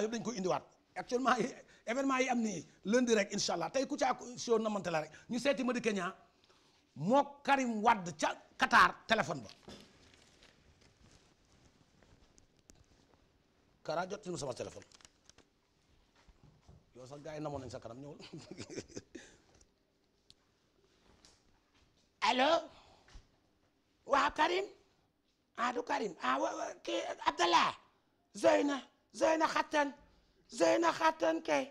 maintenant yëpp dañ koy indiwaat actuellement événement yi am nii lundi rek incha allah ku caa show namante la rek ñu seeti Madické Niang moo Karim Wade ca Qatar téléphone ba. Kara jot na sama téléphone yow sax gars yi namoon nañ sa kanam ñëwul allo waaw Karim ah du Karim ah wa Abdallah Zoyna. Zeyna Xattan Zeyna Xattan kay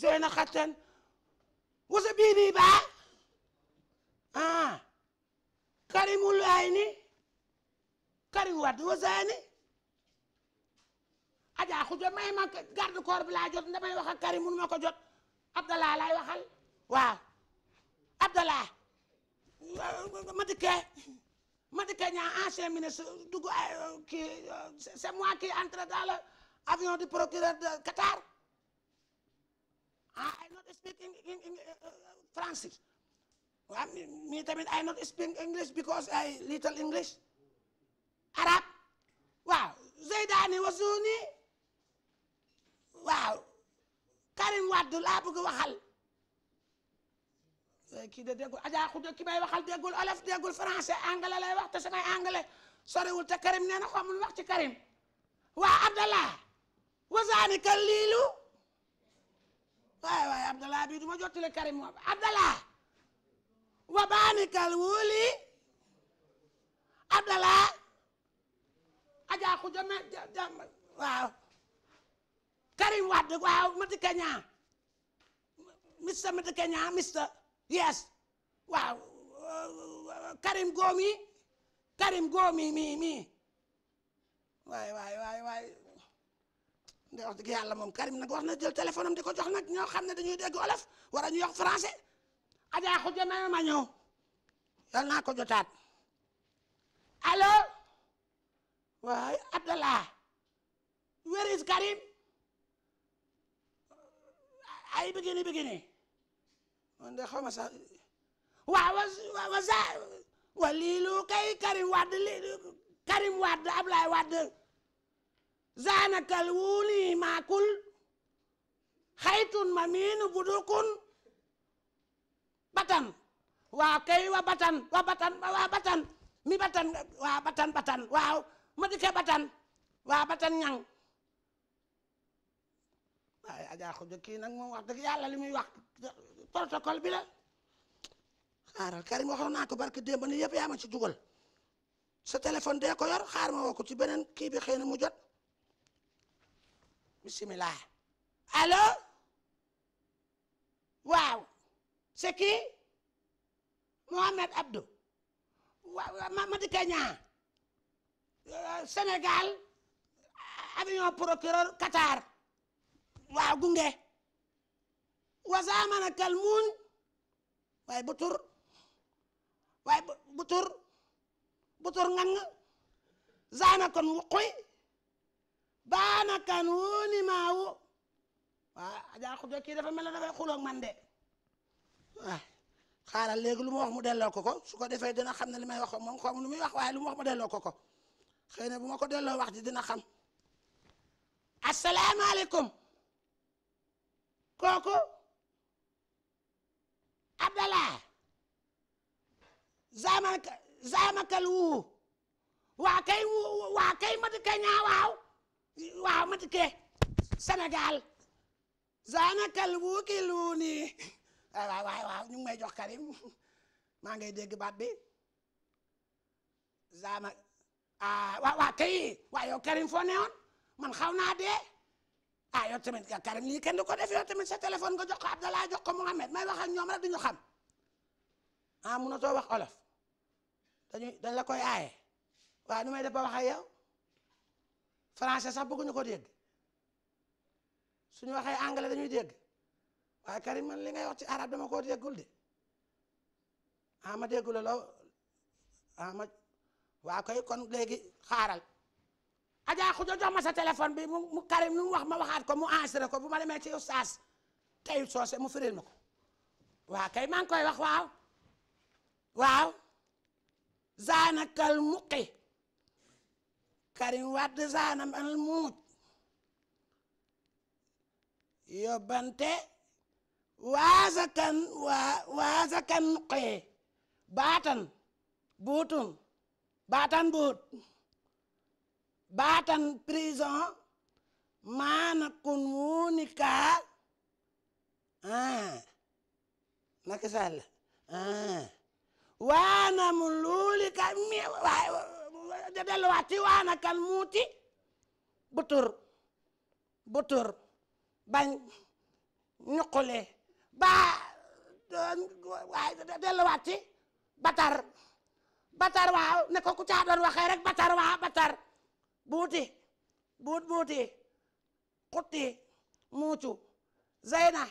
Zeyna Xattan wasa bii baa ah Karimul ayni Karim Wade wasa ayni Adja Khoudia may ma garde corps bi laa jot damay wax ak Karim ko jot Abdallah laay waxal waaw Abdallah ma dikkee ñaa ancien ministre dugg kii c'est moi entre dans avion du procureur de Qatar I not speak French waaw mi tamit I not speak English because little English arab waaw Zeydaani Wasuuni waaw Karim Wade laa bëgg waxal eh, kii de déggul Adja Khouta ki may waxal déggul olof déggul français anglais lay wax te samay anglais soriwul te Karim nee na xamul wax Karim waa Abdallah wasaani ka liilu waaye waaye abdallah bii du ma jottale karim abdallah wa baanikal wuuli abdallah ajaa ku jama jama waaw karim wadd waaw mati kaña mister mati kaña mister yes waaw karim goomi karim goomi mi mi waaye waaye waaye ndax wax dëgg yàlla moom Karim nag wax na jël téléphone am di ko jox nag ñoo xam ne dañuy dégg olof wala ñu wax français. Adja Khoudia na ma ñëw yal naa ko jotaat allo waaye Abdallah where Karim ay bikini bikini man xaw ma sax wa liilu kay Karim Wade li Karim Wade Ablaye Wade. zaanakal wuuni maakul xaytun ma miinu budukun batan waaw kay wa batan wa batan mi batan waa batan batan waaw ma dike batan waa batan ñang waaye ajaa xujo kii nag moom wax dëgg yàlla li muy wax protocole Karim waxoon naa ko barke démb ni yëpp yaa ma ci dugal sa téléphone dee ko yor ma woo ko ci beneen kii bi mu jot bisimilah allo waaw c'est qui Mohamed Abdou waaw Madické Niang euh, Sénégal avion procureur Qatar waaw gunge wasaamana kalmuun waaye bu tur waaye bu tur bu ngang zaana kon wuquy baana kan wuuni maawu waaw ajaa xujo kii dafa mel ne dafay xuloog man de waaw ah, xaaral léegi lu ma wax mu delloo ko ko su ko defee dana xam ne li may wax moom lu muy wax waaye lu ma mu delloo ko ko bu ma ko delloo wax ji dina xam asalaamaaleykum kooku Abdallah zaama zaamakal wuu waa kay waa kay mat ka ñaawaaw waaw ma dikkee Sénégal zanakal wukilu nii waaw waaw waaw ñu ngi may jox Karim maa ngay dégg baat bi zama ah waaw waaw kay Karim foo newoon man xaw naa dee ah yow tamit Karim lii kenn du ko def yow tamit sa téléphone nga jox ko Abdallah jox ko Mouhamed may wax ñoom rek du ñu xam ah munatoo wax olof dañuy dañ la koy aaye waaw nu may def ba wax ak français sax bëgguñu ko dégg suñu waxee anglais dañuy dégg waaye Karim man li ngay wax ci arab dama koo déggul de ah ma déggula loo ah waa koy kon léegi xaaral Adja Khoudia jox ma sa téléphone bi mu Karim lu wax ma waxaat ko mu enregistré ko bu ma demee ci ustaas tey soose mu firil ma ko waa kay maa koy wax waaw waaw zaanakal muqi Karim Wade saana man muuj yóbbante waasa kan waa waasa kan xee baatan buutun baatan buut baatan prison maana kun muuni kaa ah Macky Sall ah waana mu luuli ka mi waay delluwaat ci waana kan muuti butur butur bañ ñuqule ba waay delluwaat ci batar batar waaw ne ko ku caa doon waxee rek batar waaw batar buuti buut buuti xutti muucu zeyna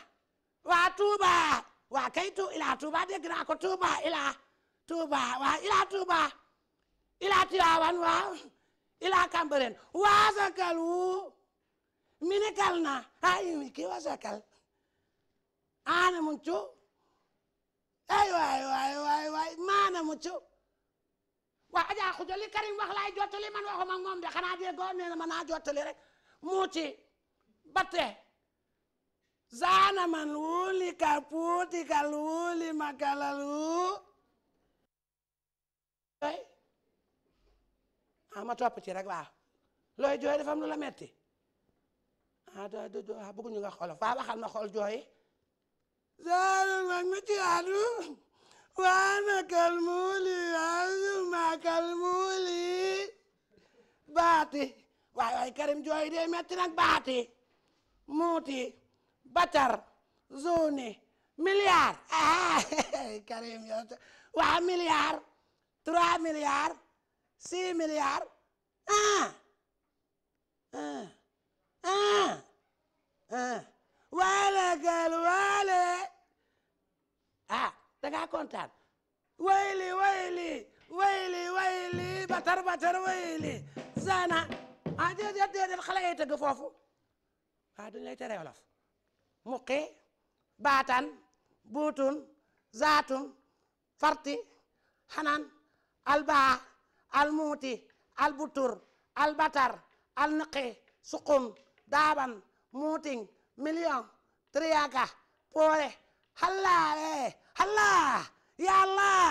waa tuuba waa kay tu ilaa tuuba dégg naa ko tuuba ilaa tuuba waa ilaa tuuba ilaa Tiwaawan waaw ilaa Kambareen waasakal wu mini kal na ay mi ki waasakal aana ah, muccu ay waay waay waay waay maana muccu waa Adja Khoudia li Karim wax laay man waxuma ak moom de xanaa déggoo nee na ma rek muuci batte zaana man wuli ka puuti kal wuli makalal wu ah topp ci rek waaw looy jooy dafa am lu la metti ah doo doo doo ah, bëgguñu nga xool faa waxal ma xool jooy saalum mag mi ci adu waana kal muuli asuma kal muuli baati waay waay karim jooy de metti nag baati muuti batar zone milliard ah karim yow waa milliard trois milliards six milliards ah ah waale gal waale ah da kontaan wayli wayli wayli wayli batar batar wayli zana ah déedéet déedéet xale yay foofu waaw ah, dañ lay tere wolof baatan buutun zaatun farti xanaan albaa almuuti albutur albatar alniqi sukun daaban muuting million triyaga poore halla eh halla ya allah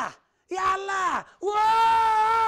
ya allah woo